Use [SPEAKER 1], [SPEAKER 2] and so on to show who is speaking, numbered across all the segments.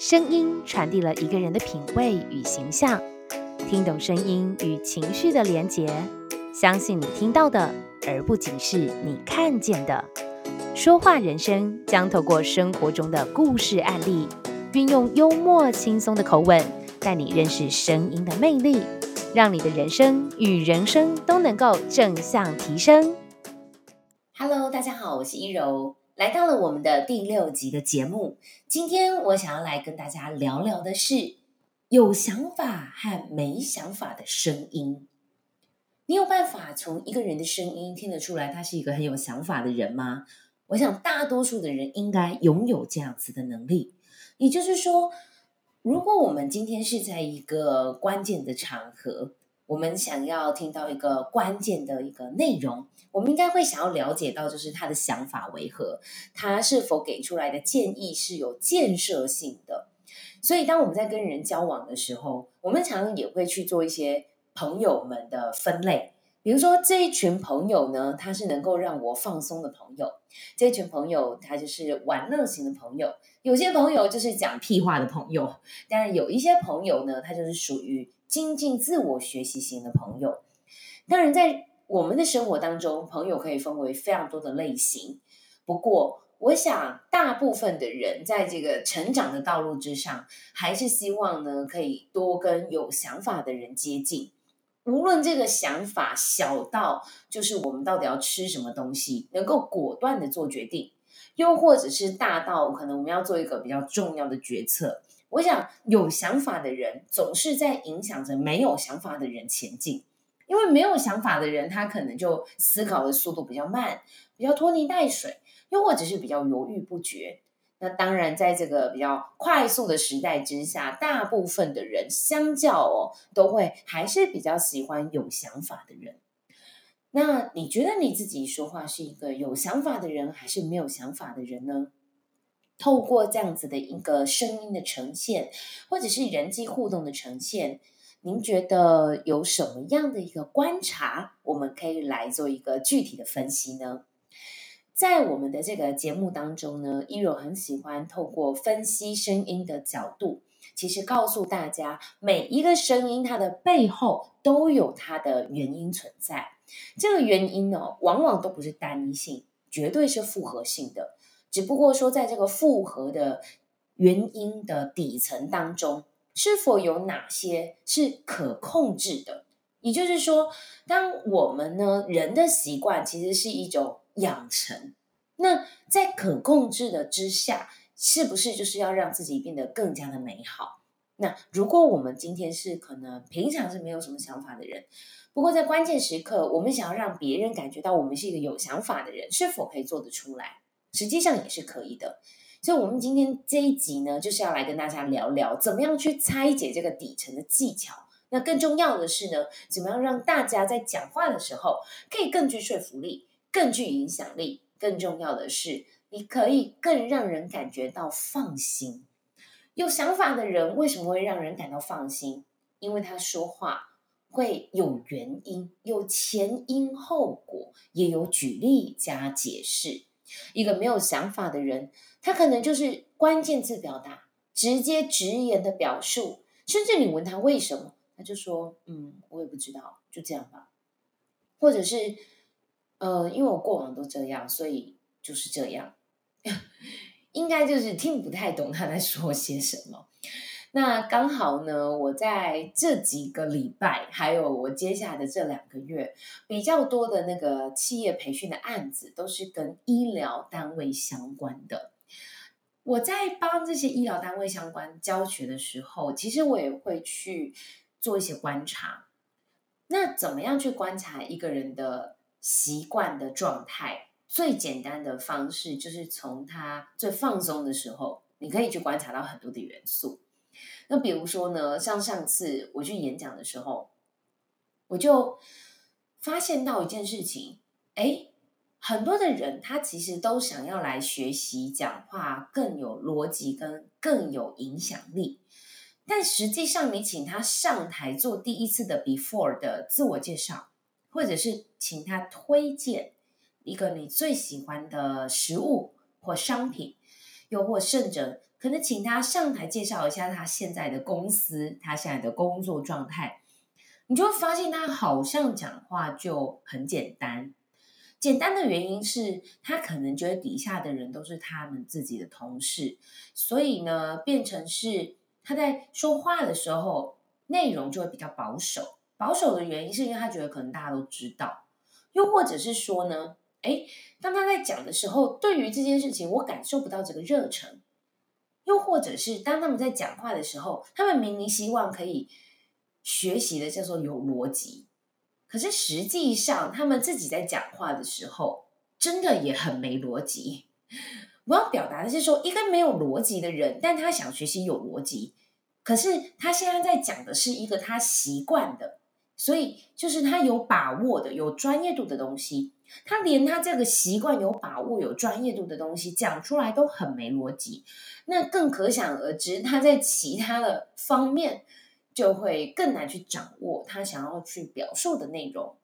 [SPEAKER 1] 聲音傳遞了一個人的品味與形象，聽懂聲音與情緒的連結，相信你聽到的，而不僅是你看見的。說話人生將透過生活中的故事案例，運用幽默輕鬆的口吻，帶你認識聲音的魅力，讓你的人生與人生都能夠正向提升。Hello，大家好，我是依柔。來到了我們的第六集的節目，今天我想要來跟大家聊聊的是有想法和沒想法的聲音。你有辦法從一個人的聲音聽得出來，他是一個很有想法的人嗎？我想大多數的人應該擁有這樣子的能力。也就是說，如果我們今天是在一個關鍵的場合。我們想要聽到一個關鍵的一個內容，我們應該會想要了解到，就是他的想法為何，他是否給出來的建議是有建設性的。所以，當我們在跟人交往的時候，我們常常也會去做一些朋友們的分類。比如說，這一群朋友呢，他是能夠讓我放鬆的朋友；這一群朋友，他就是玩樂型的朋友；有些朋友就是講屁話的朋友。但是，有一些朋友呢，他就是屬於精進自我學習型的朋友，當然，在我們的生活當中，朋友可以分為非常多的類型。不過，我想大部分的人在這個成長的道路之上，還是希望呢，可以多跟有想法的人接近。無論這個想法小到就是我們到底要吃什麼東西，能夠果斷的做決定；又或者是大到可能我們要做一個比較重要的決策。我想，有想法的人總是在影響着沒有想法的人前進，因為沒有想法的人，他可能就思考的速度比較慢，比較拖泥帶水，又或者是比較猶豫不決。那當然，在這個比較快速的時代之下，大部分的人相較哦，都會還是比較喜歡有想法的人。那你覺得你自己說話是一個有想法的人，還是沒有想法的人呢？透過這樣子的一個聲音的呈現，或者是人際互動的呈現，您覺得有什麼樣的一個觀察，我們可以來做一個具體的分析呢？在我們的這個節目當中呢，依柔很喜歡透過分析聲音的角度，其實告訴大家，每一個聲音它的背後都有它的原因存在。這個原因呢、哦，往往都不是單一性，絕對是複合性的。只不過說，在這個複合的原因的底層當中，是否有哪些是可控制的？也就是說，當我們呢，人的習慣其實是一種養成，那在可控制的之下，是不是就是要讓自己變得更加的美好？那如果我們今天是可能平常是沒有什麼想法的人，不過在關鍵時刻，我們想要讓別人感覺到我們是一個有想法的人，是否可以做得出來？實際上也是可以的，所以我們今天這一集呢，就是要來跟大家聊聊怎麼樣去拆解這個底層的技巧。那更重要的是呢，怎麼樣讓大家在講話的時候可以更具說服力、更具影響力。更重要的是，你可以更讓人感覺到放心。有想法的人為什麼會讓人感到放心？因為他說話會有原因、有前因後果，也有舉例加解釋。一個沒有想法的人，他可能就是關鍵字表達，直接直言的表述，甚至你問他為什麼，他就說，嗯，我也不知道，就這樣吧。或者是，呃，因為我過往都這樣，所以就是這樣。 應該就是聽不太懂他在說些什麼。那剛好呢，我在這幾個禮拜，還有我接下來的這兩個月，比較多的那個企業培訓的案子都是跟醫療單位相關的。我在幫這些醫療單位相關教學的時候，其實我也會去做一些觀察。那怎麼樣去觀察一個人的習慣的狀態？最簡單的方式就是從他最放鬆的時候，你可以去觀察到很多的元素。那比如說呢，像上次我去演講的時候，我就發現到一件事情誒，很多的人他其實都想要來學習講話更有邏輯跟更有影響力，但實際上你請他上台做第一次的 before 的自我介紹，或者是請他推薦一個你最喜歡的食物或商品，又或甚者。可能請他上台介紹一下他現在的公司，他現在的工作狀態，你就會發現他好像講話就很簡單。簡單的原因是他可能覺得底下的人都是他們自己的同事，所以呢，變成是他在說話的時候內容就會比較保守。保守的原因是因為他覺得可能大家都知道，又或者是說呢，誒，當他在講的時候，對於這件事情我感受不到這個熱忱。又或者是當他們在講話的時候，他們明明希望可以學習的叫做有邏輯，可是實際上他們自己在講話的時候，真的也很沒邏輯。我要表達的是說，一個沒有邏輯的人，但他想學習有邏輯，可是他現在在講的是一個他習慣的。所以，就是他有把握的、有專業度的東西，他連他這個習慣有把握、有專業度的東西講出來都很沒邏輯，那更可想而知，他在其他的方面就會更難去掌握他想要去表述的內容。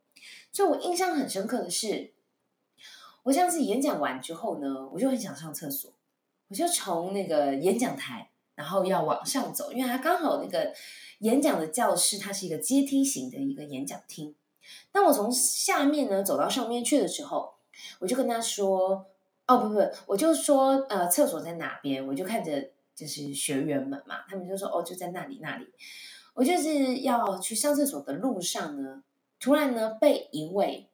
[SPEAKER 1] 所以，我印象很深刻的是，我上次演講完之後呢，我就很想上廁所，我就從那個演講台，然後要往上走，因為他剛好那個。演講的教室，它是一個階梯型的一個演講廳。當我從下面呢走到上面去的時候，我就跟他說：“哦，不不，我就說呃，廁所在哪邊？”我就看着就是學員們嘛，他們就說：“哦，就在那裡那裡。”我就是要去上廁所的路上呢，突然呢被一位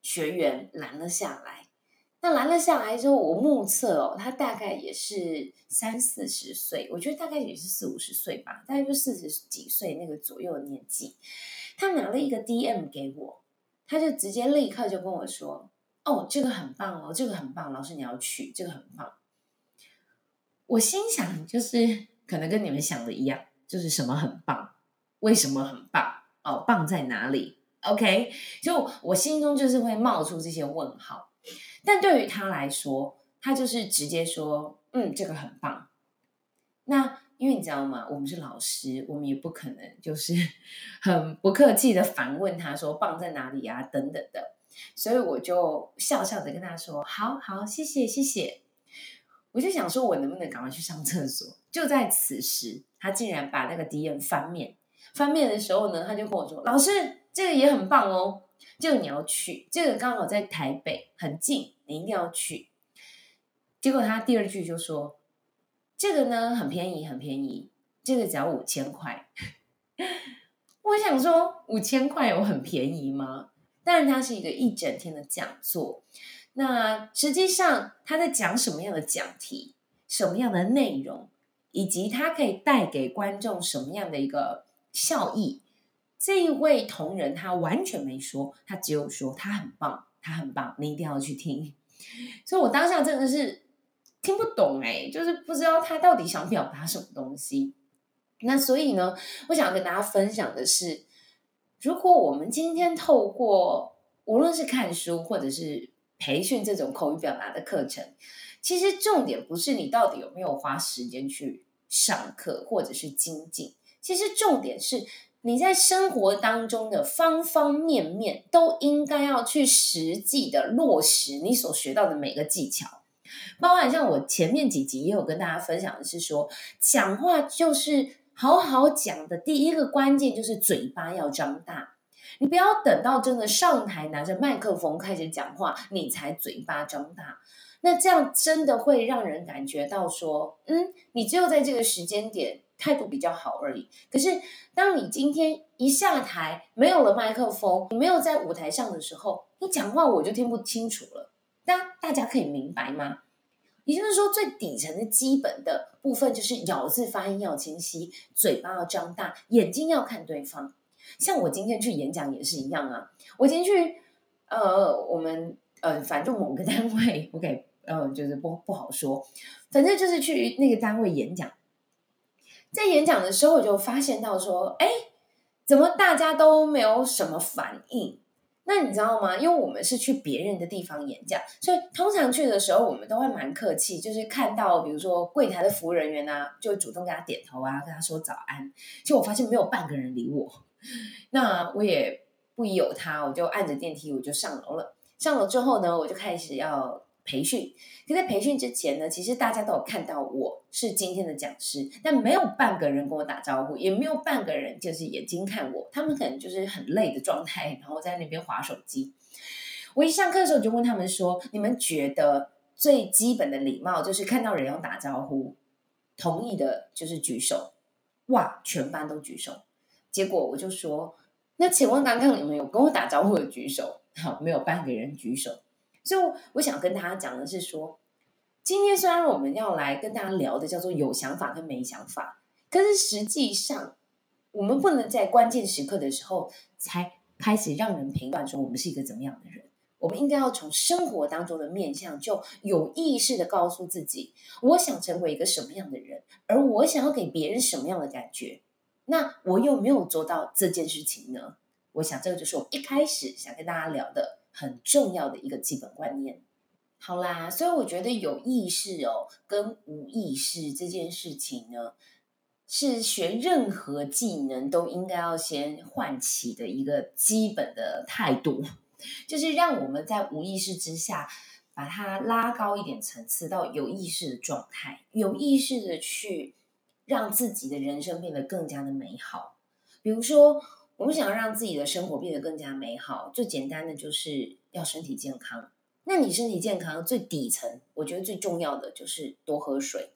[SPEAKER 1] 學員攔了下來。那攔了下來之後，我目測哦，他大概也是三四十歲，我覺得大概也是四五十歲吧，大概就四十幾歲那個左右的年紀。他拿了一個 DM 給我，他就直接立刻就跟我說：“哦，這個很棒哦，這個很棒，老師你要去，這個很棒。”我心想，就是可能跟你們想的一樣，就是什麼很棒，為什麼很棒？哦，棒在哪裡？OK，就我心中就是會冒出這些問號。但對於他來說，他就是直接說：“嗯，這個很棒。那”那因為你知道嗎？我們是老師，我們也不可能就是很不客氣的反問他說：“棒在哪裡啊？”等等的。所以我就笑笑的跟他說：“好好，謝謝，謝謝。”我就想說，我能不能趕快去上廁所？就在此時，他竟然把那個傳單翻面。翻面的時候呢，他就跟我說：“老師，這個也很棒哦，這個你要去，這個剛好在台北，很近。”你一定要去。結果他第二句就說：“這個呢很便宜，很便宜，這個只要五千塊。 ”我想說，五千塊有很便宜嗎？但是它是一個一整天的講座。那實際上他在講什麼樣的講題、什麼樣的內容，以及他可以帶給觀眾什麼樣的一個效益，這一位同仁他完全沒說，他只有說他很棒。他很棒，你一定要去聽。所以，我當下真的是聽不懂哎、欸，就是不知道他到底想表達什麼東西。那所以呢，我想跟大家分享的是，如果我們今天透過無論是看書或者是培訓這種口語表達的課程，其實重點不是你到底有沒有花時間去上課或者是精進，其實重點是，你在生活當中的方方面面都應該要去實際的落實你所學到的每個技巧，包括像我前面幾集也有跟大家分享的是說，講話就是好好講的第一個關鍵就是嘴巴要張大，你不要等到真的上台拿着麥克風開始講話，你才嘴巴張大，那這樣真的會讓人感覺到說，嗯，你只有在這個時間點。態度比較好而已。可是，當你今天一下台，沒有了麥克風，你沒有在舞台上的時候，你講話我就聽不清楚了。但大家可以明白嗎？也就是說，最底層的基本的部分就是咬字發音要清晰，嘴巴要張大，眼睛要看對方。像我今天去演講也是一樣啊。我今天去呃，我們呃，反正某個單位，OK，呃，就是不不好說，反正就是去那個單位演講。在演講的時候，我就發現到說，哎，怎麼大家都沒有什麼反應？那你知道嗎？因為我們是去別人的地方演講，所以通常去的時候，我們都會蠻客氣，就是看到比如說櫃檯的服務人員啊，就會主動給他點頭啊，跟他說早安。其實我發現沒有半個人理我，那我也不宜有他，我就按着電梯，我就上樓了。上樓之後呢，我就開始要。培訓，可在培訓之前呢，其實大家都有看到我是今天的講師，但沒有半個人跟我打招呼，也沒有半個人就是眼睛看我，他們可能就是很累的狀態，然後在那邊滑手機。我一上課的時候，就問他們說：“你們覺得最基本的禮貌就是看到人要打招呼，同意的就是舉手。”哇，全班都舉手。結果我就說：“那請問剛剛有沒有跟我打招呼的舉手？”好，沒有半個人舉手。就我想跟大家講的是說，今天雖然我們要來跟大家聊的叫做有想法跟沒想法，可是實際上我們不能在關鍵時刻的時候才開始讓人評判說我們是一個怎麼樣的人。我們應該要從生活當中的面向就有意識的告訴自己，我想成為一個什麼樣的人，而我想要給別人什麼樣的感覺。那我又沒有做到這件事情呢？我想這個就是我一開始想跟大家聊的很重要的一個基本觀念。好啦，所以我覺得有意識哦，跟無意識這件事情呢，是學任何技能都應該要先喚起的一個基本的態度，就是讓我們在無意識之下把它拉高一點層次，到有意識的狀態，有意識的去讓自己的人生變得更加的美好。比如說。我們想要讓自己的生活變得更加美好，最簡單的就是要身體健康。那你身體健康最底層，我覺得最重要的就是多喝水。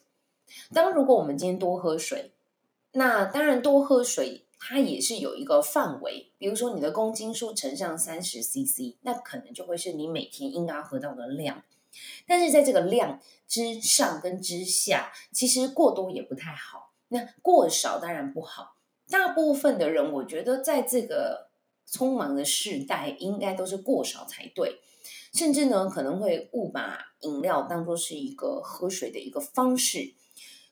[SPEAKER 1] 當如果我們今天多喝水，那當然多喝水它也是有一個範圍，比如說你的公斤數乘上三十 CC，那可能就會是你每天應該要喝到的量。但是在這個量之上跟之下，其實過多也不太好，那過少當然不好。大部分的人，我覺得在這個匆忙的世代，應該都是過少才對，甚至呢，可能會誤把飲料當作是一個喝水的一個方式。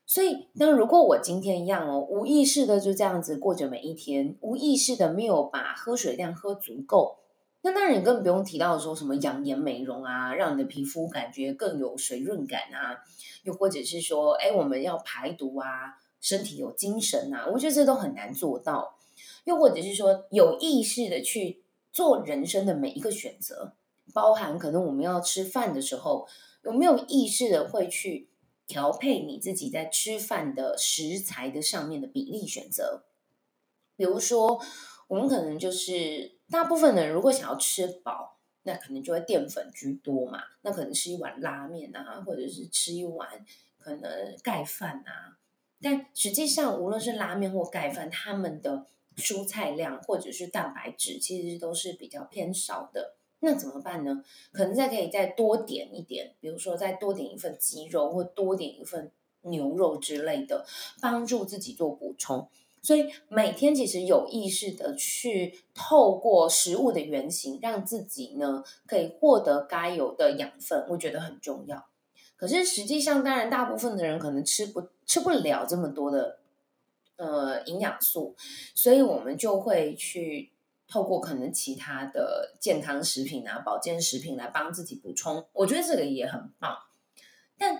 [SPEAKER 1] 所以，那如果我今天一樣哦，無意識的就這樣子過着每一天，無意識的沒有把喝水量喝足夠，那當然你更不用提到說什麼養顏美容啊，讓你的皮膚感覺更有水潤感啊，又或者是說，誒我們要排毒啊。身體有精神啊，我覺得這都很難做到。又或者是說，有意識的去做人生的每一個選擇，包含可能我們要吃飯的時候，有沒有意識的會去調配你自己在吃飯的食材的上面的比例選擇。比如說，我們可能就是大部分的人如果想要吃飽，那可能就會澱粉居多嘛，那可能吃一碗拉麵啊，或者是吃一碗可能蓋飯啊。但實際上，無論是拉麵或蓋飯，他們的蔬菜量或者是蛋白質，其實都是比較偏少的。那怎麼辦呢？可能再可以再多點一點，比如說再多點一份雞肉或多點一份牛肉之類的，幫助自己做補充。所以每天其實有意識的去透過食物的原型，讓自己呢可以獲得該有的養分，我覺得很重要。可是實際上，當然大部分的人可能吃不。吃不了這麼多的呃、營養素，所以我們就會去透過可能其他的健康食品啊、保健食品來幫自己補充。我覺得這個也很棒，但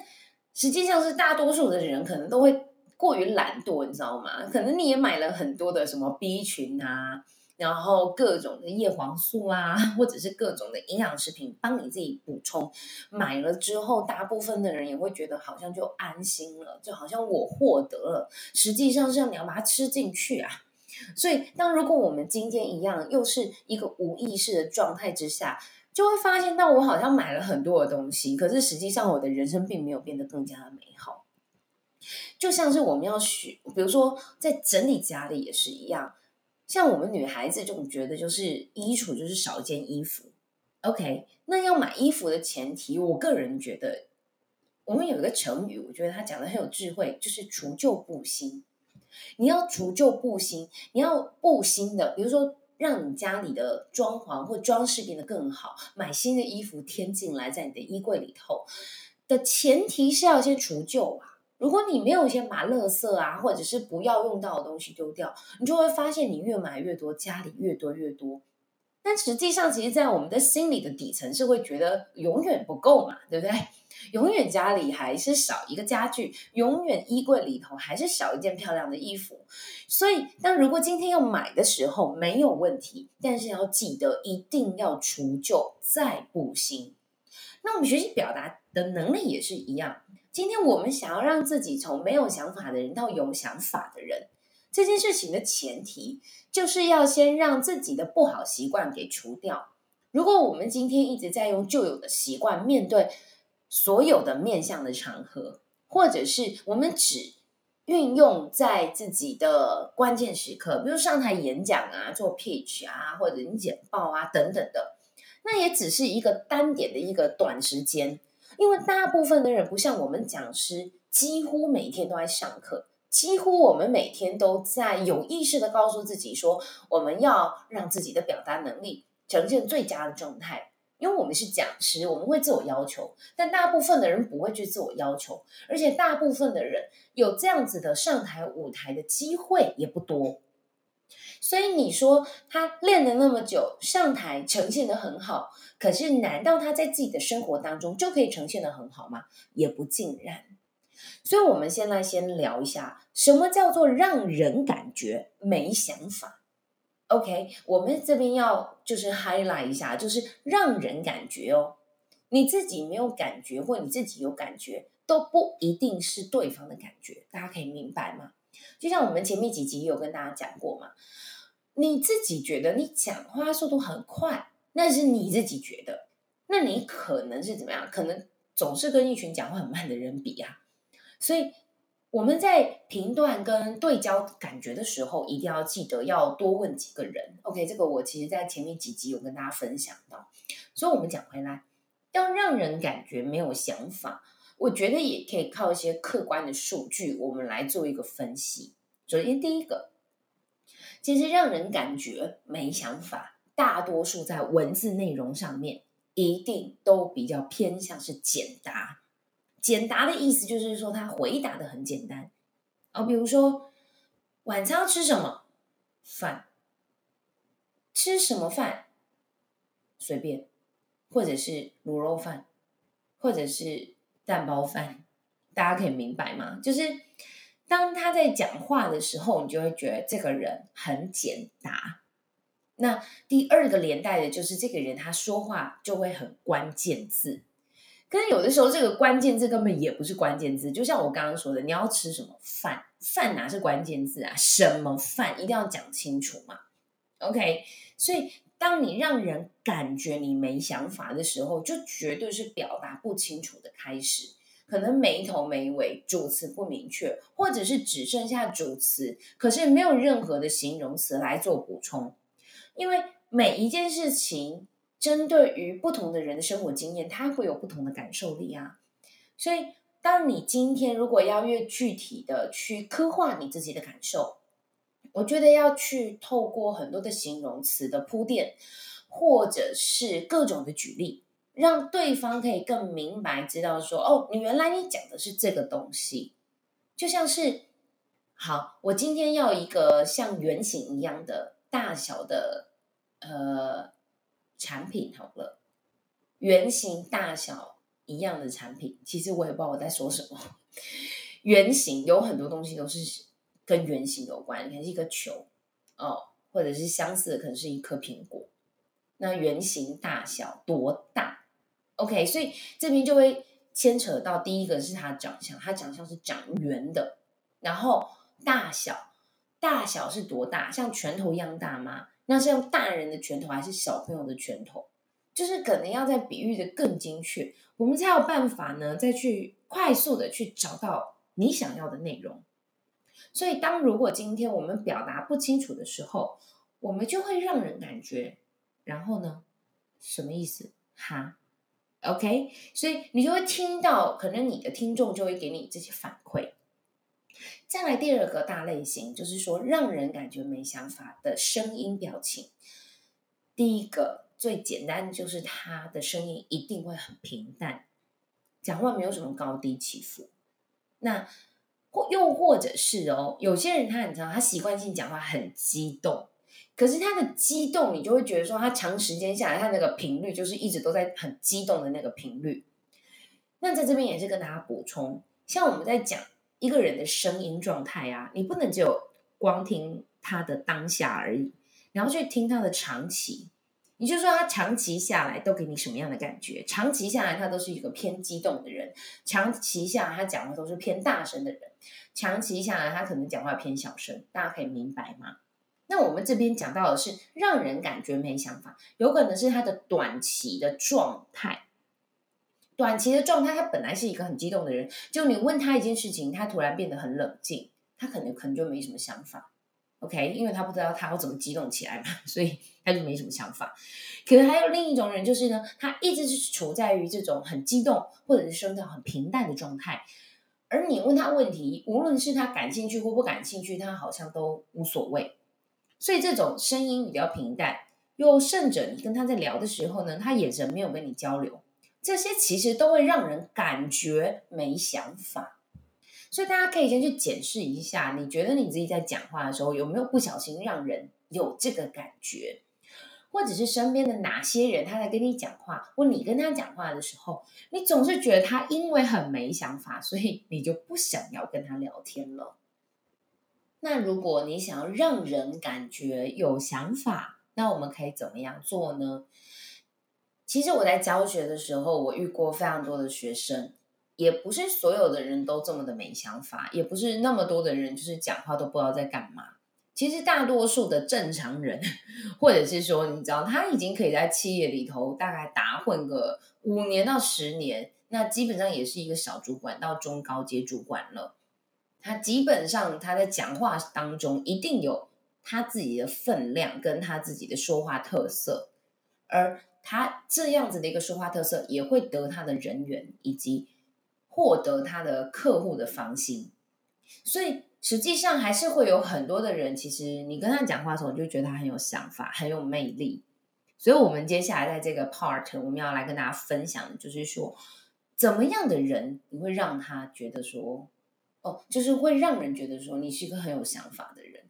[SPEAKER 1] 實際上是大多數的人可能都會過於懶惰，你知道嗎？可能你也買了很多的什麼 B 群啊。然後各種的葉黃素啊，或者是各種的營養食品，幫你自己補充。買了之後，大部分的人也會覺得好像就安心了，就好像我獲得了。實際上，是要你要把它吃進去啊。所以，當如果我們今天一樣，又是一個無意識的狀態之下，就會發現到我好像買了很多的東西，可是實際上我的人生並沒有變得更加的美好。就像是我們要學，比如說在整理家裡也是一樣。像我們女孩子這種覺得就是衣櫥就是少一件衣服，OK，那要買衣服的前提，我個人覺得，我們有一個成語，我覺得他講的很有智慧，就是除舊布新。你要除舊布新，你要布新的，比如說讓你家裡的裝潢或裝飾變得更好，買新的衣服添進來，在你的衣櫃裡頭的前提是要先除舊啊。如果你沒有先把垃圾啊，或者是不要用到的東西丟掉，你就會發現你越買越多，家裡越多越多。但實際上，其實在我們的心裡的底層是會覺得永遠不夠嘛，對不對？永遠家裡還是少一個家具，永遠衣櫃裡頭還是少一件漂亮的衣服。所以，當如果今天要買的時候沒有問題，但是要記得一定要除舊再布新。那我們學習表達的能力也是一樣。今天我們想要讓自己從沒有想法的人到有想法的人，這件事情的前提就是要先讓自己的不好習慣給除掉。如果我們今天一直在用舊有的習慣面對所有的面向的場合，或者是我們只運用在自己的關鍵時刻，比如上台演講啊、做 pitch 啊，或者你簡報啊等等的，那也只是一個單點的一個短時間。因為大部分的人不像我們講師，幾乎每天都在上課，幾乎我們每天都在有意識的告訴自己說，我們要讓自己的表達能力呈現最佳的狀態。因為我們是講師，我們會自我要求，但大部分的人不會去自我要求，而且大部分的人有這樣子的上台舞台的機會也不多。所以你說他練了那麼久，上台呈現得很好，可是難道他在自己的生活當中就可以呈現得很好嗎？也不盡然。所以我們現在先聊一下，什麼叫做讓人感覺沒想法？OK，我們這邊要就是 highlight 一下，就是讓人感覺哦，你自己沒有感覺或你自己有感覺，都不一定是對方的感覺。大家可以明白嗎？就像我們前面幾集有跟大家講過嘛，你自己覺得你講話速度很快，那是你自己覺得，那你可能是怎麼樣？可能總是跟一群講話很慢的人比呀、啊。所以我們在評斷跟對焦感覺的時候，一定要記得要多問幾個人。OK，這個我其實，在前面幾集有跟大家分享到。所以，我們講回來，要讓人感覺沒有想法。我覺得也可以靠一些客觀的數據，我們來做一個分析。首先，第一個其實讓人感覺沒想法，大多數在文字內容上面一定都比較偏向是簡答。簡答的意思就是說，他回答的很簡單，比如說晚餐要吃什麼飯？吃什麼飯？隨便，或者是滷肉飯，或者是。蛋包飯，大家可以明白嗎？就是當他在講話的時候，你就會覺得這個人很簡答。那第二個連帶的就是，這個人他說話就會很關鍵字。跟有的時候這個關鍵字根本也不是關鍵字，就像我剛剛說的，你要吃什麼飯？飯哪是關鍵字啊？什麼飯一定要講清楚嘛。OK，所以。當你讓人感覺你沒想法的時候，就絕對是表達不清楚的開始，可能沒頭沒尾，主詞不明確，或者是只剩下主詞，可是沒有任何的形容詞來做補充。因為每一件事情，針對於不同的人的生活經驗，它會有不同的感受力啊。所以，當你今天如果要越具體的去刻畫你自己的感受，我覺得要去透過很多的形容詞的鋪墊，或者是各種的舉例，讓對方可以更明白知道說，哦，你原來你講的是這個東西。就像是，好，我今天要一個像圓形一樣的大小的呃產品，好了，圓形大小一樣的產品，其實我也不知道我在說什麼。圓形有很多東西都是。跟圓形有關，你看是一個球哦，或者是相似的，可能是一顆蘋果。那圓形大小多大？OK，所以這邊就會牽扯到第一個是他長相，他長相是長圓的，然後大小，大小是多大？像拳頭一樣大嗎？那是用大人的拳頭還是小朋友的拳頭？就是可能要再比喻的更精確，我們才有辦法呢，再去快速的去找到你想要的內容。所以，當如果今天我們表達不清楚的時候，我們就會讓人感覺，然後呢，什麼意思哈？OK，所以你就會聽到，可能你的聽眾就會給你這些反饋。再來第二個大類型，就是說讓人感覺沒想法的聲音表情。第一個最簡單的就是他的聲音一定會很平淡，講話沒有什麼高低起伏。那。又或者是哦，有些人他很常，他習慣性講話很激動，可是他的激動，你就會覺得說他長時間下來，他那個頻率就是一直都在很激動的那個頻率。那在這邊也是跟大家補充，像我們在講一個人的聲音狀態啊，你不能只有光聽他的當下而已，你要去聽他的長期。也就是說，他長期下來都給你什麼樣的感覺？長期下來，他都是一個偏激動的人；長期下來，他講的都是偏大聲的人；長期下來，他可能講話偏小聲。大家可以明白嗎？那我們這邊講到的是讓人感覺沒想法，有可能是他的短期的狀態。短期的狀態，他本來是一個很激動的人，就你問他一件事情，他突然變得很冷靜，他可能可能就沒什麼想法。OK，因為他不知道他要怎麼激動起來嘛，所以他就沒什麼想法。可能還有另一種人，就是呢，他一直是處在於這種很激動或者是聲調很平淡的狀態，而你問他問題，無論是他感興趣或不感興趣，他好像都無所謂，所以這種聲音比較平淡。又甚者，你跟他在聊的時候呢，他眼神沒有跟你交流，這些其實都會讓人感覺沒想法。所以大家可以先去檢視一下，你覺得你自己在講話的時候有沒有不小心讓人有這個感覺，或者是身邊的哪些人他在跟你講話，或你跟他講話的時候，你總是覺得他因為很沒想法，所以你就不想要跟他聊天了。那如果你想要讓人感覺有想法，那我們可以怎麼樣做呢？其實我在教學的時候，我遇過非常多的學生。也不是所有的人都這麼的沒想法，也不是那麼多的人就是講話都不知道在幹嘛。其實大多數的正常人，或者是說，你知道，他已經可以在企業裡頭大概打混個五年到十年，那基本上也是一個小主管到中高階主管了。他基本上他在講話當中一定有他自己的分量，跟他自己的說話特色，而他這樣子的一個說話特色也會得他的人緣，以及。獲得他的客戶的芳心，所以實際上還是會有很多的人。其實你跟他講話的時候，就覺得他很有想法，很有魅力。所以，我們接下來在這個 part，我們要來跟大家分享的，就是說怎麼樣的人，你會讓他覺得說，哦，就是會讓人覺得說，你是一個很有想法的人。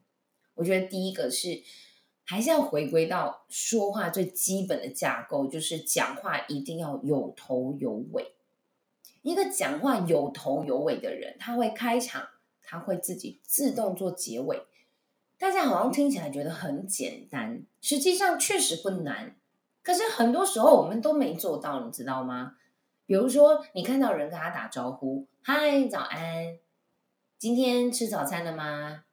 [SPEAKER 1] 我覺得第一個是，還是要回歸到說話最基本的架構，就是講話一定要有頭有尾。一個講話有頭有尾的人，他會開場，他會自己自動做結尾。大家好像聽起來覺得很簡單，實際上確實不難。可是很多時候我們都沒做到，你知道嗎？比如說，你看到人跟他打招呼，嗨，早安，今天吃早餐了嗎？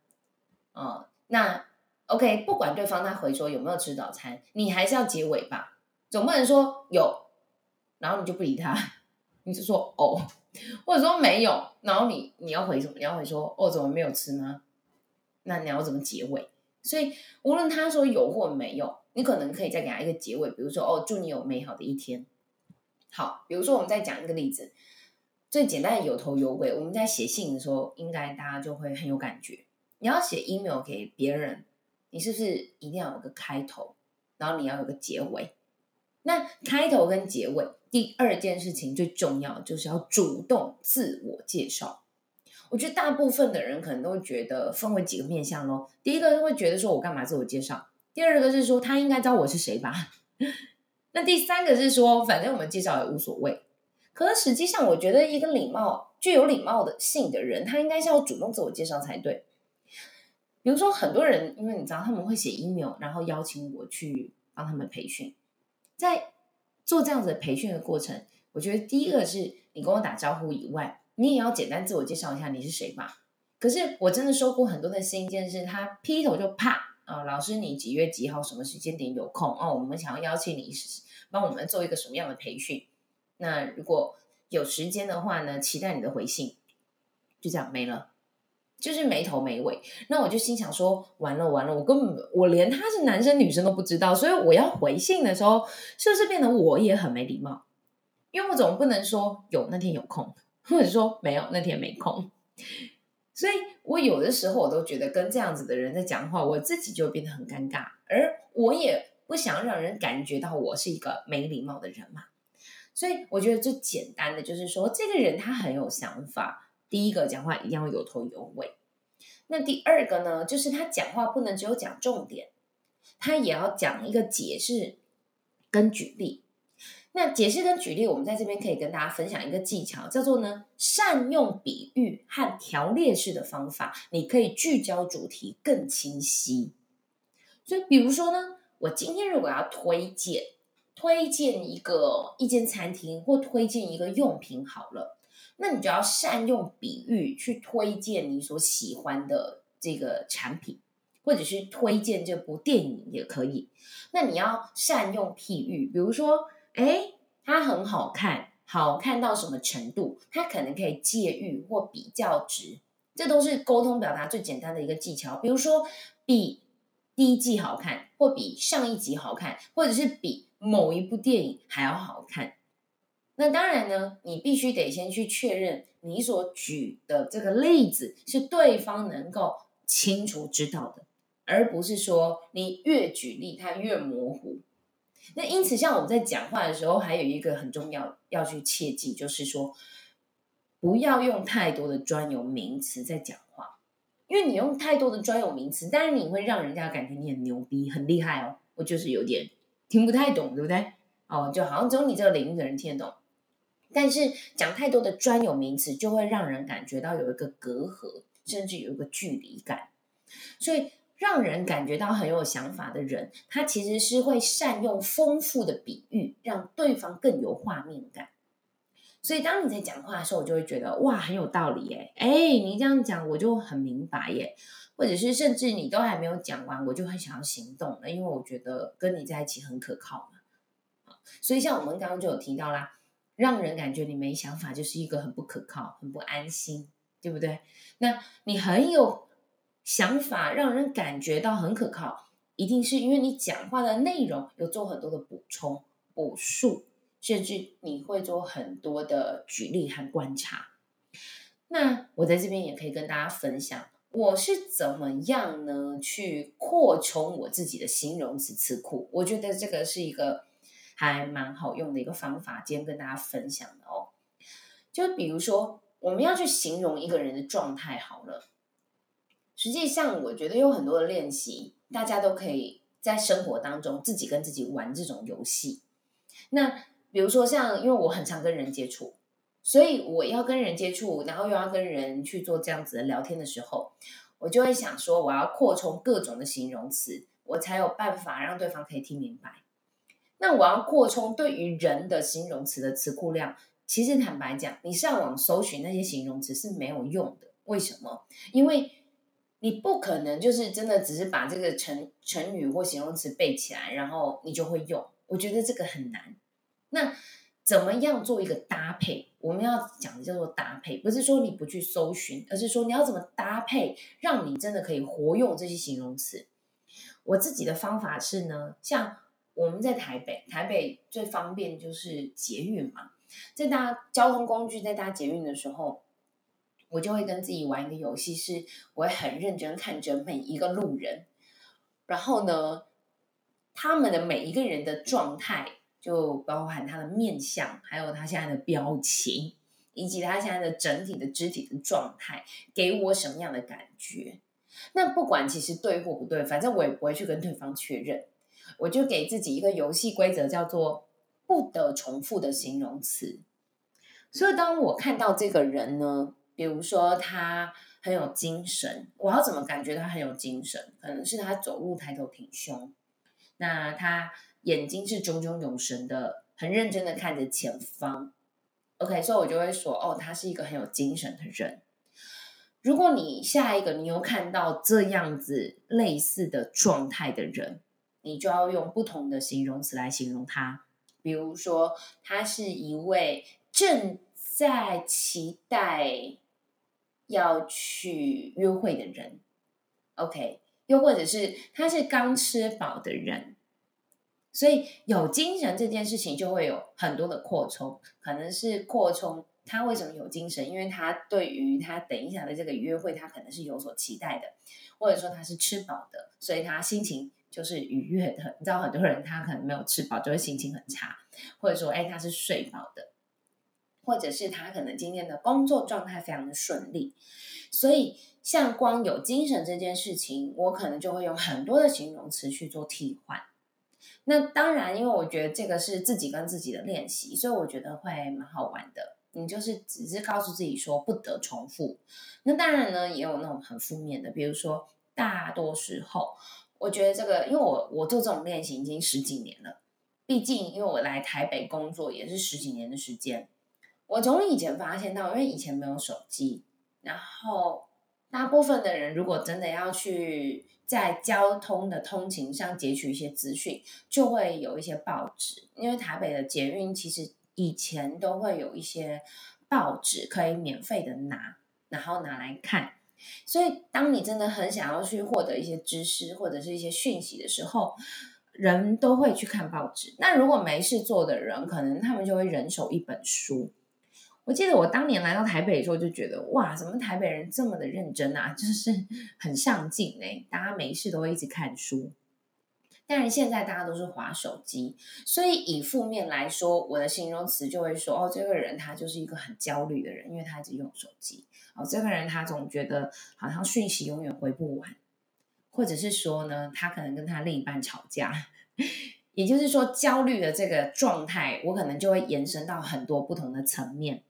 [SPEAKER 1] 哦，那 OK，不管對方他回說有沒有吃早餐，你還是要結尾吧，總不能說有，然後你就不理他。你是說哦，或者說沒有，然後你你要回什麼？你要回說哦，怎麼沒有吃呢？那你要怎麼結尾？所以無論他說有或沒有，你可能可以再給他一個結尾，比如說哦，祝你有美好的一天。好，比如說我們再講一個例子，最簡單的有頭有尾。我們在寫信的時候，應該大家就會很有感覺。你要寫 email 給別人，你是不是一定要有個開頭，然後你要有個結尾？那開頭跟結尾，第二件事情最重要，就是要主動自我介紹。我覺得大部分的人可能都會覺得分為幾個面向咯，第一個會覺得說我幹嘛自我介紹？第二個是說他應該知道我是誰吧？那第三個是說反正我們介紹也無所謂。可是實際上，我覺得一個禮貌、具有禮貌的性的人，他應該是要主動自我介紹才對。比如說，很多人因為你知道他們會寫 email，然後邀請我去幫他們培訓。在做這樣子的培訓的過程，我覺得第一個是你跟我打招呼以外，你也要簡單自我介紹一下你是誰吧。可是我真的收過很多的信件是他劈頭就啪啊，老師你幾月幾號什麼時間點有空哦？我們想要邀請你幫我們做一個什麼樣的培訓？那如果有時間的話呢，期待你的回信。就這樣沒了。就是沒頭沒尾，那我就心想說完了完了，我根本我連他是男生女生都不知道，所以我要回信的時候，是不是變得我也很沒禮貌？因為我總不能說有那天有空，或者說沒有那天沒空，所以我有的時候我都覺得跟這樣子的人在講話，我自己就變得很尷尬，而我也不想讓人感覺到我是一個沒禮貌的人嘛，所以我覺得最簡單的就是說，這個人他很有想法。第一個講話一定要有頭有尾。那第二個呢，就是他講話不能只有講重點，他也要講一個解釋跟舉例。那解釋跟舉例，我們在這邊可以跟大家分享一個技巧，叫做呢，善用比喻和條列式的方法，你可以聚焦主題更清晰。所以，比如說呢，我今天如果要推薦，推薦一個一間餐廳或推薦一個用品，好了。那你就要善用比喻去推薦你所喜歡的這個產品，或者是推薦這部電影也可以。那你要善用譬喻，比如說，哎，它很好看，好看到什麼程度？它可能可以借喻或比較值，這都是溝通表達最簡單的一個技巧。比如說，比第一季好看，或比上一集好看，或者是比某一部電影還要好看。那當然呢，你必須得先去確認你所舉的這個例子是對方能夠清楚知道的，而不是說你越舉例它越模糊。那因此，像我們在講話的時候，還有一個很重要要去切記，就是說不要用太多的專有名詞在講話，因為你用太多的專有名詞，但是你會讓人家感覺你很牛逼、很厲害哦。我就是有點聽不太懂，對不對？哦，就好像只有你這個領域的人聽得懂。但是講太多的專有名詞，就會讓人感覺到有一個隔閡，甚至有一個距離感。所以讓人感覺到很有想法的人，他其實是會善用豐富的比喻，讓對方更有畫面感。所以當你在講話的時候，我就會覺得哇，很有道理耶！哎，你這樣講我就很明白耶。或者是甚至你都還沒有講完，我就很想要行動了，因為我覺得跟你在一起很可靠嘛。所以像我們剛剛就有提到啦。讓人感覺你沒想法，就是一個很不可靠、很不安心，對不對？那你很有想法，讓人感覺到很可靠，一定是因為你講話的內容有做很多的補充、補述，甚至你會做很多的舉例和觀察。那我在這邊也可以跟大家分享，我是怎麼樣呢？去擴充我自己的形容詞詞庫。我覺得這個是一個。還蠻好用的一個方法，今天跟大家分享的哦。就比如說，我們要去形容一個人的狀態，好了。實際上，我覺得有很多的練習，大家都可以在生活當中自己跟自己玩這種遊戲。那比如說，像因為我很常跟人接觸，所以我要跟人接觸，然後又要跟人去做這樣子的聊天的時候，我就會想說，我要擴充各種的形容詞，我才有辦法讓對方可以聽明白。那我要擴充對於人的形容詞的詞庫量，其實坦白講，你上網搜尋那些形容詞是沒有用的。為什麼？因為你不可能就是真的只是把這個成成語或形容詞背起來，然後你就會用。我覺得這個很難。那怎麼樣做一個搭配？我們要講的叫做搭配，不是說你不去搜尋，而是說你要怎麼搭配，讓你真的可以活用這些形容詞。我自己的方法是呢，像。我們在台北，台北最方便就是捷運嘛。在搭交通工具，在搭捷運的時候，我就會跟自己玩一個遊戲，是我會很認真看着每一個路人，然後呢，他們的每一個人的狀態，就包含他的面相，還有他現在的表情，以及他現在的整體的肢體的狀態，給我什麼樣的感覺？那不管其實對或不對，反正我也不會去跟對方確認。我就給自己一個遊戲規則，叫做不得重複的形容詞。所以，當我看到這個人呢，比如說他很有精神，我要怎麼感覺他很有精神？可能是他走路抬頭挺胸，那他眼睛是炯炯有神的，很認真的看着前方。OK，所以我就會說，哦，他是一個很有精神的人。如果你下一個你又看到這樣子類似的狀態的人，你就要用不同的形容詞來形容他，比如說他是一位正在期待要去約會的人，OK，又或者是他是剛吃飽的人，所以有精神這件事情就會有很多的擴充，可能是擴充他為什麼有精神，因為他對於他等一下的這個約會，他可能是有所期待的，或者說他是吃飽的，所以他心情。就是愉悅的，你知道很多人他可能沒有吃飽就會心情很差，或者說誒、哎，他是睡飽的，或者是他可能今天的工作狀態非常的順利，所以像光有精神這件事情，我可能就會用很多的形容詞去做替換。那當然，因為我覺得這個是自己跟自己的練習，所以我覺得會蠻好玩的。你就是只是告訴自己說不得重複。那當然呢，也有那種很負面的，比如說大多時候。我覺得這個，因為我我做這種練習已經十幾年了，畢竟因為我來台北工作也是十幾年的時間，我從以前發現到，因為以前沒有手機，然後大部分的人如果真的要去在交通的通勤上截取一些資訊，就會有一些報紙，因為台北的捷運其實以前都會有一些報紙可以免費的拿，然後拿來看。所以，當你真的很想要去獲得一些知識或者是一些訊息的時候，人都會去看報紙。那如果沒事做的人，可能他們就會人手一本書。我記得我當年來到台北的時候，就覺得哇，怎麼台北人這麼的認真啊，就是很上進哎、欸，大家沒事都會一直看書。但是現在大家都是滑手機，所以以負面來說，我的形容詞就會說：哦，這個人他就是一個很焦慮的人，因為他一直用手機。哦，這個人他總覺得好像訊息永遠回不完，或者是說呢，他可能跟他另一半吵架。也就是說，焦慮的這個狀態，我可能就會延伸到很多不同的層面。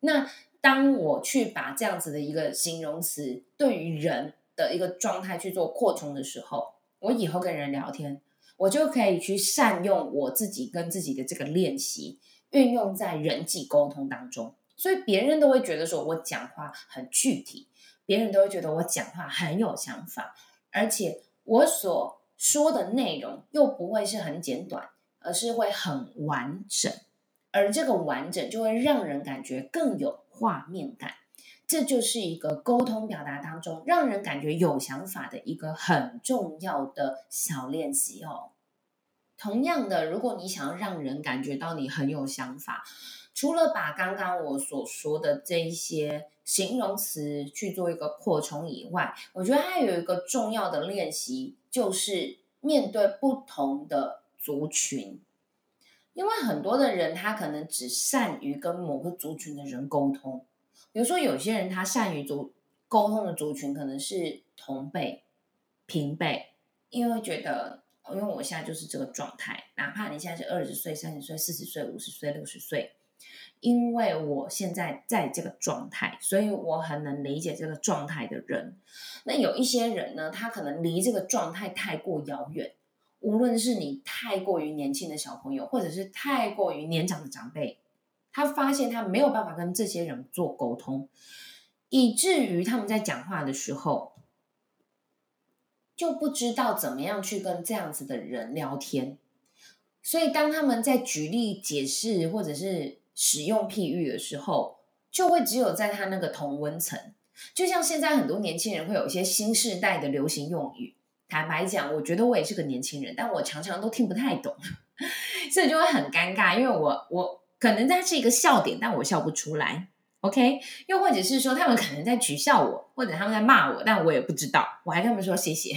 [SPEAKER 1] 那當我去把這樣子的一個形容詞對於人的一個狀態去做擴充的時候，我以後跟人聊天，我就可以去善用我自己跟自己的這個練習，運用在人際溝通當中。所以別人都會覺得說我講話很具體，別人都會覺得我講話很有想法，而且我所說的內容又不會是很簡短，而是會很完整，而這個完整就會讓人感覺更有畫面感。這就是一個溝通表達當中讓人感覺有想法的一個很重要的小練習哦。同樣的，如果你想要讓人感覺到你很有想法，除了把剛剛我所說的這一些形容詞去做一個擴充以外，我覺得還有一個重要的練習就是面對不同的族群，因為很多的人他可能只善於跟某個族群的人溝通。比如說，有些人他善於組溝通的族群可能是同輩、平輩，因為覺得，因為我現在就是這個狀態，哪怕你現在是二十歲、三十歲、四十歲、五十歲、六十歲，因為我現在在這個狀態，所以我很能理解這個狀態的人。那有一些人呢，他可能離這個狀態太過遙遠，無論是你太過於年輕的小朋友，或者是太過於年長的長輩。他發現他沒有辦法跟這些人做溝通，以至於他們在講話的時候就不知道怎麼樣去跟這樣子的人聊天。所以當他們在舉例解釋或者是使用譬喻的時候，就會只有在他那個同溫層。就像現在很多年輕人會有一些新世代的流行用語。坦白講，我覺得我也是個年輕人，但我常常都聽不太懂，呵呵，所以就會很尷尬，因為我我。可能它是一個笑點，但我笑不出來。OK，又或者是說他們可能在取笑我，或者他們在罵我，但我也不知道，我還跟他們說謝謝。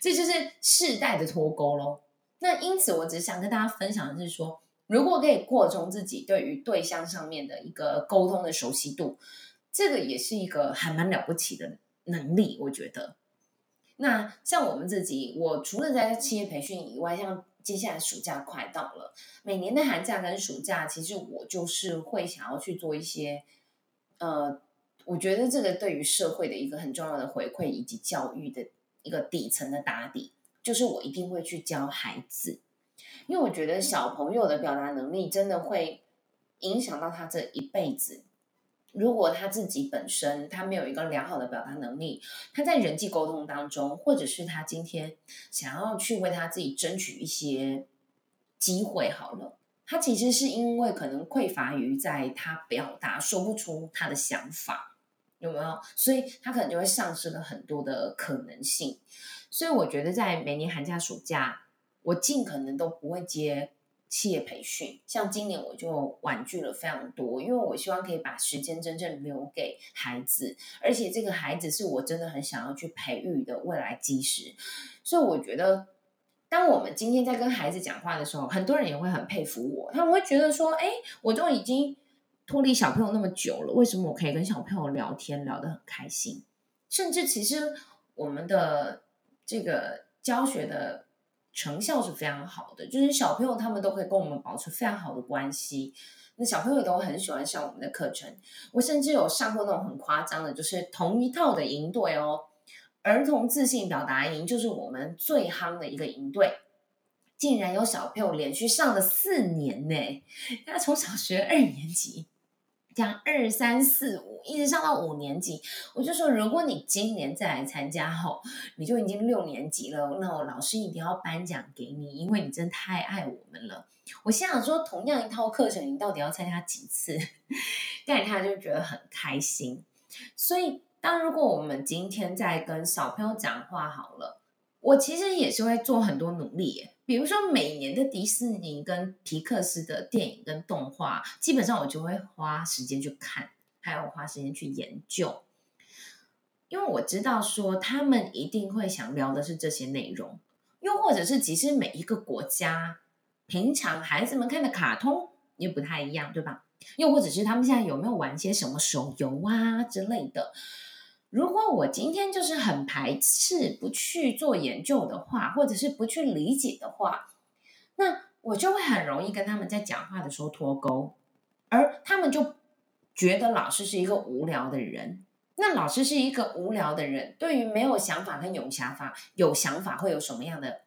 [SPEAKER 1] 這就是世代的脫鈎嘍。那因此，我只想跟大家分享的是說，如果可以擴充自己對於對象上面的一個溝通的熟悉度，這個也是一個還蠻了不起的能力，我覺得。那像我們自己，我除了在企業培訓以外，像。接下來暑假快到了，每年的寒假跟暑假，其實我就是會想要去做一些，呃，我覺得這個對於社會的一個很重要的回饋，以及教育的一個底層的打底，就是我一定會去教孩子，因為我覺得小朋友的表達能力真的會影響到他這一輩子。如果他自己本身他沒有一個良好的表達能力，他在人際溝通當中，或者是他今天想要去為他自己爭取一些機會好了，他其實是因為可能匱乏於在他表達說不出他的想法，有沒有？所以他可能就會喪失了很多的可能性。所以我覺得在每年寒假暑假，我盡可能都不會接，企業培訓，像今年我就婉拒了非常多，因為我希望可以把時間真正留給孩子，而且這個孩子是我真的很想要去培育的未來基石。所以我覺得，當我們今天在跟孩子講話的時候，很多人也會很佩服我，他們會覺得說：“哎，我都已經脫離小朋友那麼久了，為什麼我可以跟小朋友聊天聊得很開心？甚至其實我們的這個教學的。”成效是非常好的，就是小朋友他們都可以跟我們保持非常好的關係，那小朋友也都很喜歡上我們的課程。我甚至有上過那種很誇張的，就是同一套的營隊哦，兒童自信表達營就是我們最夯的一個營隊，竟然有小朋友連續上了四年呢，他從小學二年級。講二三四五，一直上到五年級，我就說，如果你今年再來參加吼，你就已經六年級了，那我老師一定要頒獎給你，因為你真太愛我們了。我心想說，同樣一套課程，你到底要參加幾次？但他就覺得很開心。所以，當如果我們今天在跟小朋友講話好了，我其實也是會做很多努力欸。比如說每年的迪士尼跟皮克斯的電影跟動畫，基本上我就會花時間去看，還有花時間去研究，因為我知道說他們一定會想聊的是這些內容，又或者是其實每一個國家平常孩子們看的卡通也不太一樣，對吧？又或者是他們現在有沒有玩些什麼手遊啊之類的。如果我今天就是很排斥，不去做研究的話，或者是不去理解的話，那我就會很容易跟他們在講話的時候脫鈎，而他們就覺得老師是一個無聊的人。那老師是一個無聊的人，對於沒有想法跟有想法，有想法會有什麼樣的，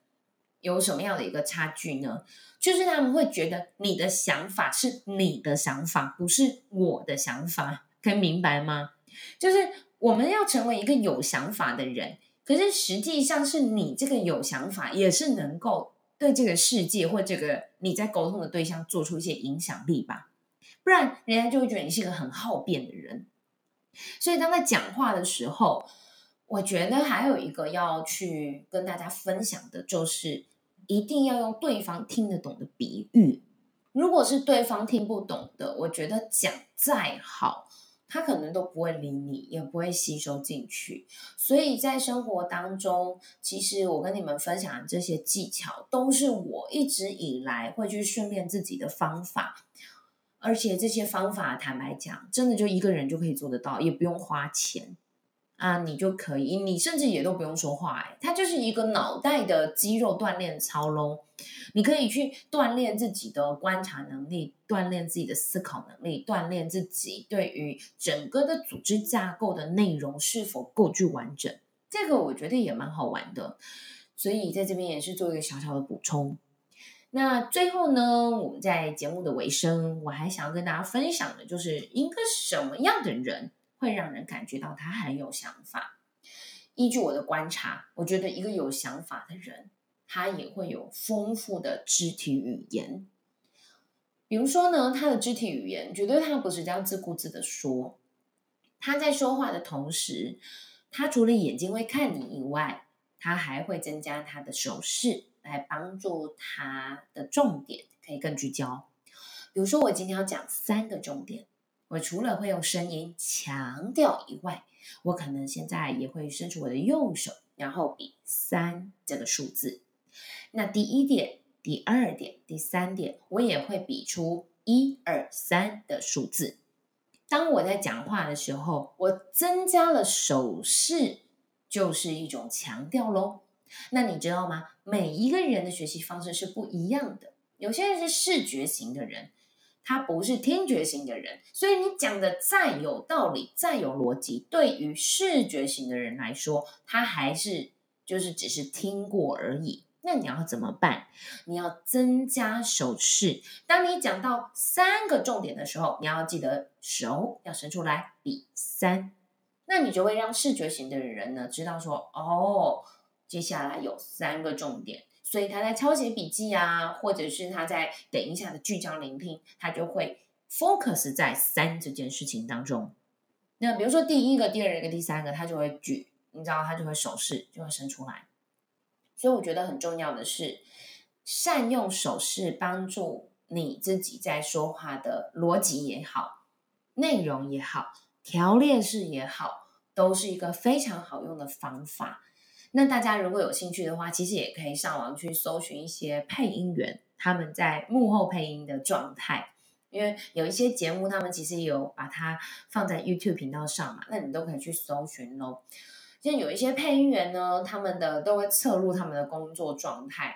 [SPEAKER 1] 有什麼樣的一個差距呢？就是他們會覺得你的想法是你的想法，不是我的想法，可以明白嗎？就是。我們要成為一個有想法的人，可是實際上是你這個有想法，也是能夠對這個世界或這個你在溝通的對象做出一些影響力吧，不然人家就會覺得你是個很好辯的人。所以，當在講話的時候，我覺得還有一個要去跟大家分享的就是，一定要用對方聽得懂的比喻。如果是對方聽不懂的，我覺得講再好。他可能都不會理你，也不會吸收進去。所以在生活當中，其實我跟你們分享的這些技巧，都是我一直以來會去訓練自己的方法。而且這些方法，坦白講，真的就一個人就可以做得到，也不用花錢。啊，你就可以，你甚至也都不用說話，哎，它就是一個腦袋的肌肉鍛鍊操咯，你可以去鍛鍊自己的觀察能力，鍛鍊自己的思考能力，鍛鍊自己對於整個的組織架構的內容是否夠具完整。這個我覺得也蠻好玩的，所以在這邊也是做一個小小的補充。那最後呢，我們在節目的尾聲，我還想要跟大家分享的，就是一個什麼樣的人。會讓人感覺到他很有想法。依據我的觀察，我覺得一個有想法的人，他也會有豐富的肢體語言。比如說呢，他的肢體語言絕對他不是這樣自顧自的說。他在說話的同時，他除了眼睛會看你以外，他還會增加他的手勢來幫助他的重點可以更聚焦。比如說，我今天要講三個重點。我除了會用聲音強調以外，我可能現在也會伸出我的右手，然後比三這個數字。那第一點、第二點、第三點，我也會比出一二三的數字。當我在講話的時候，我增加了手勢，就是一種強調咯。那你知道嗎？每一個人的學習方式是不一樣的，有些人是視覺型的人。他不是聽覺型的人，所以你講的再有道理、再有邏輯，對於視覺型的人來說，他還是就是只是聽過而已。那你要怎麼辦？你要增加手勢。當你講到三個重點的時候，你要記得手要伸出來比三，那你就會讓視覺型的人呢知道說哦，接下來有三個重點。所以他在抄寫筆記啊，或者是他在等一下的聚焦聆聽，他就會 focus 在三這件事情當中。那比如說第一個、第二個、第三個，他就會舉，你知道他就會手勢就會伸出來。所以我覺得很重要的是，善用手勢幫助你自己在說話的邏輯也好、內容也好、條列式也好，都是一個非常好用的方法。那大家如果有興趣的話，其實也可以上網去搜尋一些配音員他們在幕後配音的狀態，因為有一些節目他們其實也有把它放在 YouTube 頻道上嘛，那你都可以去搜尋咯。現在有一些配音員呢，他們的都會測入他們的工作狀態。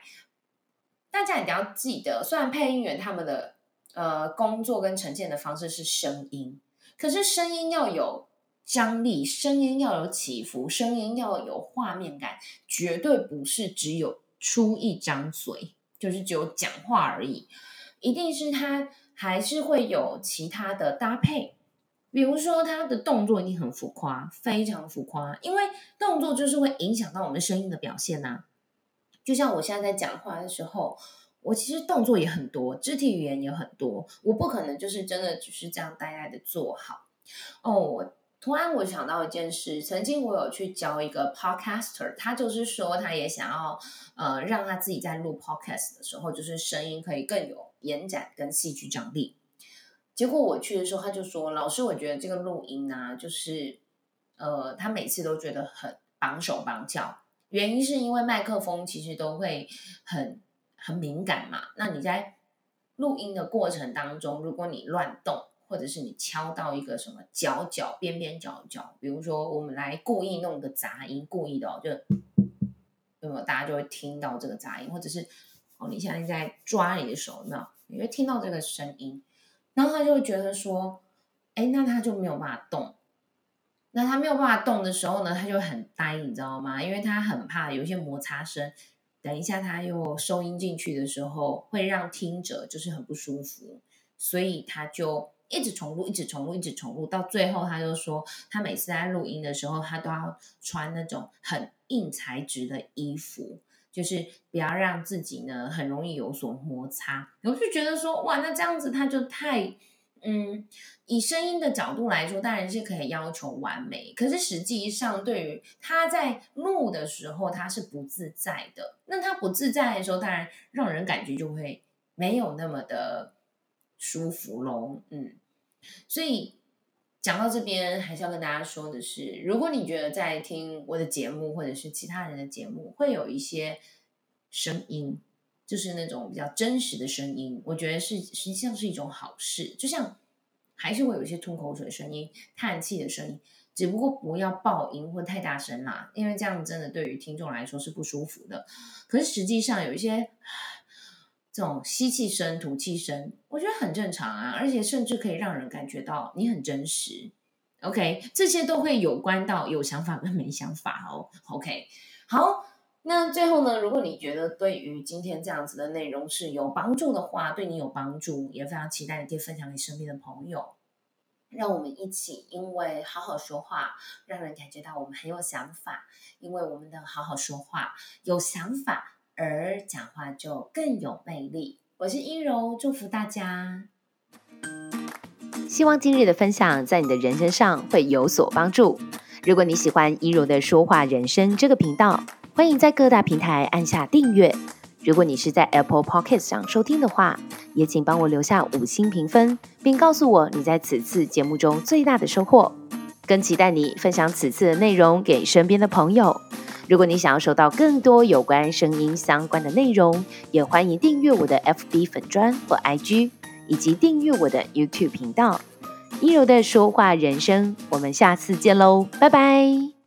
[SPEAKER 1] 大家一定要記得，雖然配音員他們的呃工作跟呈現的方式是聲音，可是聲音要有。張力，聲音要有起伏，聲音要有畫面感，絕對不是只有出一張嘴，就是只有講話而已。一定是它還是會有其他的搭配，比如說它的動作一定很浮誇，非常浮誇，因為動作就是會影響到我們聲音的表現吶。就像我現在在講話的時候，我其實動作也很多，肢體語言也很多，我不可能就是真的只是這樣呆呆的做好哦。我。突然，我想到一件事。曾經我有去教一個 podcaster，他就是說他也想要，呃，讓他自己在錄 podcast 的時候，就是聲音可以更有延展跟戲劇張力。結果我去的時候，他就說：“老師，我覺得這個錄音呢、啊，就是，呃，他每次都覺得很綁手綁腳。原因是因為麥克風其實都會很很敏感嘛。那你在錄音的過程當中，如果你亂動。”或者是你敲到一個什麼角角邊邊角角，比如說我們來故意弄個雜音，故意的哦，就，那麼大家就會聽到這個雜音，或者是哦，你現在在抓你的手，那你會聽到這個聲音，然後他就會覺得說，哎，那他就沒有辦法動，那他沒有辦法動的時候呢，他就很呆，你知道嗎？因為他很怕有一些摩擦聲，等一下他又收音進去的時候，會讓聽者就是很不舒服，所以他就。一直重錄，一直重錄，一直重錄，到最後他就說，他每次在錄音的時候，他都要穿那種很硬材質的衣服，就是不要讓自己呢很容易有所摩擦。我就覺得說，哇，那這樣子他就太，嗯，以聲音的角度來說，當然是可以要求完美，可是實際上對於他在錄的時候，他是不自在的。那他不自在的時候，當然讓人感覺就會沒有那麼的。舒服咯，嗯，所以講到這邊，還是要跟大家說的是，如果你覺得在聽我的節目或者是其他人的節目，會有一些聲音，就是那種比較真實的聲音，我覺得是實際上是一種好事。就像還是會有一些吞口水聲音、嘆氣的聲音，只不過不要爆音或太大聲啦，因為這樣真的對於聽眾來說是不舒服的。可是實際上有一些。這種吸氣聲、吐氣聲，我覺得很正常啊，而且甚至可以讓人感覺到你很真實。OK，這些都會有關到有想法跟沒想法哦。OK，好，那最後呢，如果你覺得對於今天這樣子的內容是有幫助的話，對你有幫助，也非常期待你可以分享給身邊的朋友，讓我們一起因為好好說話，讓人感覺到我們很有想法，因為我們能好好說話，有想法。而講話就更有魅力。我是依柔，祝福大家。希望今日的分享在你的人生上會有所幫助。如果你喜歡依柔的說話人生這個頻道，歡迎在各大平台按下訂閱。如果你是在 Apple Podcast 上收聽的話，也請幫我留下五星評分，並告訴我你在此次節目中最大的收穫。更期待你分享此次的內容給身邊的朋友。如果你想要收到更多有關聲音相關的內容，也歡迎訂閱我的 FB 粉專或 IG，以及訂閱我的 YouTube 頻道“依柔的說話人生”。我們下次見嘍，拜拜。